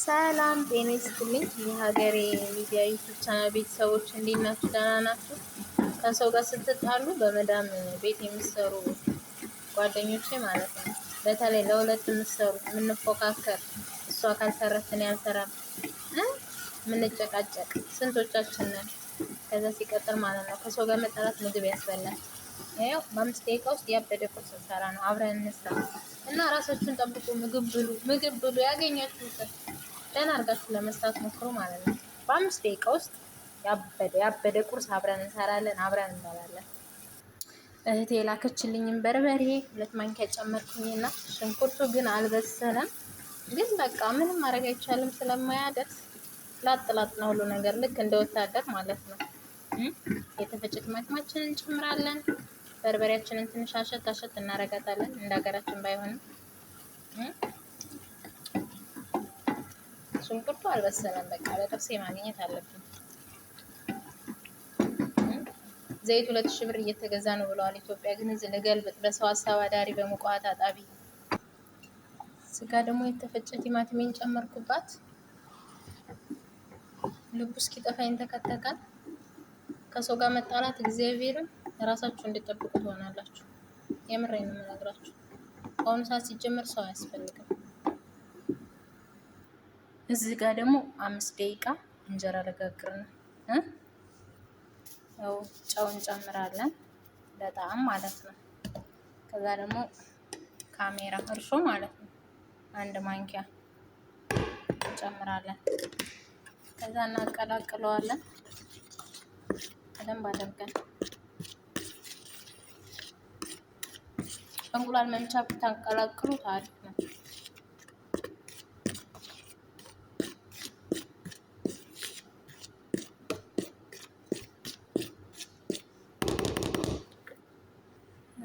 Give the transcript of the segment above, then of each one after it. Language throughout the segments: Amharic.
ሰላም ጤና ይስጥልኝ። የሀገሬ ሚዲያ ዩቱብ ቻናል ቤተሰቦች እንዴት ናችሁ? ደህና ናችሁ? ከሰው ጋር ስትጣሉ በመዳም ቤት የሚሰሩ ጓደኞቼ ማለት ነው። በተለይ ለሁለት የምትሰሩ የምንፎካከር፣ እሷ ካልሰረትን እኔ አልሰራም የምንጨቃጨቅ ስንቶቻችን ነን? ከዛ ሲቀጥል ማለት ነው ከሰው ጋር መጣላት ምግብ ያስበላል። ያው በአምስት ደቂቃ ውስጥ ያበደ ቁርስ ስንሰራ ነው። አብረን እንስራ እና ራሳችሁን ጠብቁ። ምግብ ብሉ፣ ምግብ ብሉ ያገኛችሁ ደህና አድርጋችሁ ለመስራት ሞክሩ ማለት ነው። በአምስት ደቂቃ ውስጥ ያበደ ያበደ ቁርስ አብረን እንሰራለን፣ አብረን እንበላለን። እህቴ የላከችልኝን በርበሬ ሁለት ማንኪያ ጨመርኩኝና ሽንኩርቱ ግን አልበሰለም። ግን በቃ ምንም ማድረግ አይቻልም ስለማያደርስ ላጥ ላጥ ነው ሁሉ ነገር ልክ እንደ ወታደር ማለት ነው። የተፈጨ ቲማቲማችንን እንጨምራለን። በርበሬያችንን ትንሽ አሸት አሸት እናረጋታለን እንደ ሀገራችን ባይሆንም ሽንኩርቱ አልበሰለም። በቃ በጥብሴ ማግኘት አለብን። ዘይት ሁለት ሺህ ብር እየተገዛ ነው ብለዋል። ኢትዮጵያ ግን እዚህ ልገልብጥ በሰው ሀሳብ አዳሪ በሙቀዋት አጣቢ ስጋ ደግሞ የተፈጨ ቲማቲሜን ጨመርኩባት። ልቡ እስኪጠፋኝ ተከተካል። ከሰው ጋር መጣላት እግዚአብሔርን ራሳችሁ እንድጠብቁ ትሆናላችሁ። የምሬን ነው የምነግራችሁ። በአሁኑ ሰዓት ሲጀመር ሰው አያስፈልግም። እዚህ ጋር ደግሞ አምስት ደቂቃ እንጀራ ልጋግር ነው። ያው ጨው እንጨምራለን በጣም ማለት ነው። ከዛ ደግሞ ካሜራ እርሾ ማለት ነው አንድ ማንኪያ እንጨምራለን። ከዛ እናቀላቅለዋለን በደንብ አድርገን። እንቁላል መምቻ ብታቀላቅሉት አሪፍ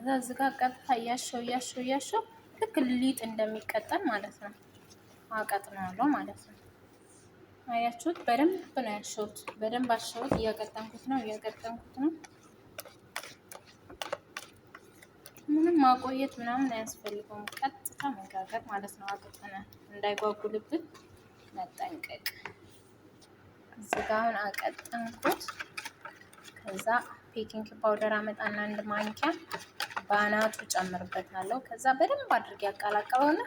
ከዛ እዚህ ጋር ቀጥታ እያሸው እያሸው እያሸው ልክ ሊጥ እንደሚቀጠል ማለት ነው አቀጥነዋለሁ ማለት ነው። አያችሁት? በደንብ ነው ያሸሁት። በደንብ አሸሁት። እያቀጠንኩት ነው እያቀጠንኩት ነው። ምንም ማቆየት ምናምን አያስፈልገውም። ቀጥታ መጋገር ማለት ነው። አቅጥነ እንዳይጓጉልብን መጠንቀቅ። ዝጋውን አቀጠንኩት። ከዛ ፔኪንግ ፓውደር አመጣና አንድ ማንኪያ ባናቱ ጨምርበታለሁ። ከዛ በደንብ አድርጌ ያቀላቀለውና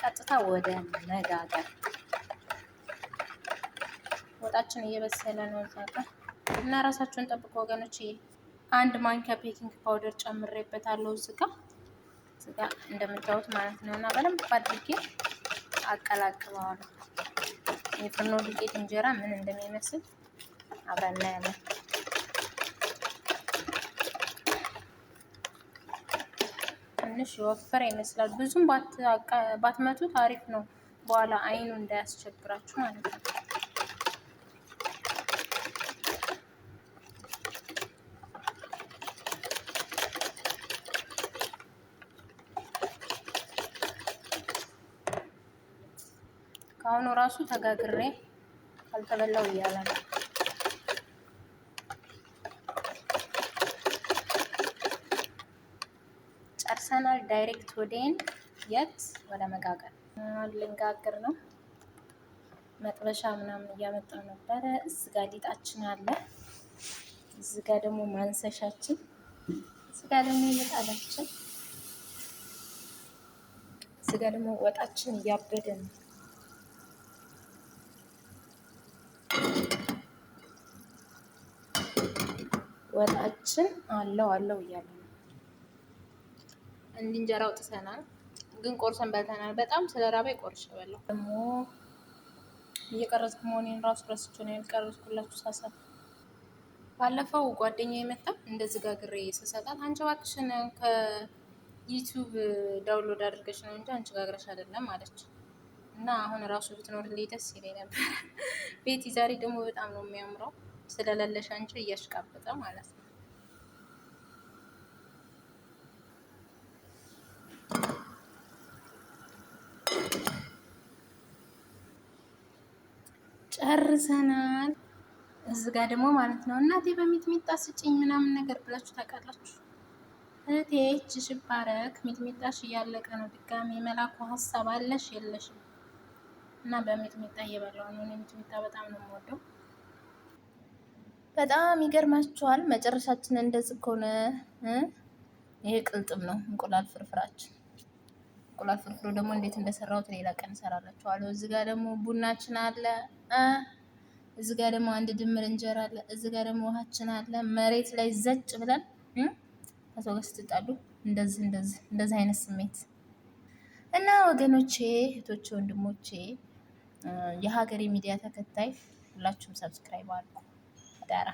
ቀጥታ ወደ መጋገር ወጣችን እየበሰለ ነው ዛጋ እና ራሳችሁን ጠብቆ ወገኖች። አንድ ማንኪያ ቤኪንግ ፓውደር ጨምሬበታለሁ እዚጋ እዚጋ እንደምታዩት ማለት ነው። እና በደንብ አድርጌ አቀላቅለዋለሁ። የፍርኖ ዱቄት እንጀራ ምን እንደሚመስል አብረን እናያለን። ትንሽ የወፈረ ይመስላል። ብዙም ባትመቱት አሪፍ ነው፣ በኋላ አይኑ እንዳያስቸግራችሁ ማለት ነው። ከአሁኑ ራሱ ተጋግሬ አልተበላው እያለ ነው። ደርሰናል። ዳይሬክት ወዴን የት ወደ መጋገር ልንጋግር ነው። መጥበሻ ምናምን እያመጣው ነበረ። እዚህ ጋ ሊጣችን አለ። እዚህ ጋ ደግሞ ማንሰሻችን፣ እዚህ ጋ ደግሞ ምጣዳችን፣ እዚህ ጋ ደግሞ ወጣችን እያበደ ነው። ወጣችን አለው አለው እያለ እንድንጀራ አውጥተናል፣ ግን ቆርሰን በልተናል። በጣም ስለ ራበ ቆርሼ በላሁ። ደግሞ እየቀረጽኩ መሆኔን ራሱ ረስቼ ነው ያልቀረጽኩላችሁ ሳሳት ባለፈው ጓደኛ የመጣ እንደዚህ ጋግሬ ስሰጣት አንቺ እባክሽን ከዩቱብ ዳውንሎድ አድርገሽ ነው እንጂ አንቺ ጋግረሽ አይደለም አለች። እና አሁን ራሱ ብትኖርልኝ ደስ ይለኝ ነበር። ቤቲ ዛሬ ደግሞ በጣም ነው የሚያምረው ስለሌለሽ አንቺ እያሽቃበጠ ማለት ነው። ጨርሰናል። እዚህ ጋር ደግሞ ማለት ነው እናቴ በሚጥሚጣ ስጭኝ ምናምን ነገር ብላችሁ ታውቃላችሁ። እህቴ እጅ ሽባረክ ሚጥሚጣሽ እያለቀ ነው። ድጋሚ መላኩ ሀሳብ አለሽ የለሽም? እና በሚጥሚጣ እየበላሁ ነው። ሚጥሚጣ በጣም ነው የምወደው። በጣም ይገርማችኋል። መጨረሻችን እንደዚህ ከሆነ ይሄ ቅልጥም ነው እንቁላል ፍርፍራችን እንቁላል ፍርፍሮ ደግሞ እንዴት እንደሰራሁት ሌላ ቀን እሰራላችኋለሁ። እዚህ ጋር ደግሞ ቡናችን አለ። እዚህ ጋር ደግሞ አንድ ድምር እንጀራ አለ። እዚህ ጋር ደግሞ ውሃችን አለ። መሬት ላይ ዘጭ ብለን ከሰው ጋር ስትጣሉ እንደዚህ እንደዚህ እንደዚህ አይነት ስሜት እና ወገኖቼ፣ እህቶቼ፣ ወንድሞቼ የሀገሬ ሚዲያ ተከታይ ሁላችሁም ሰብስክራይብ አድርጉ ዳራ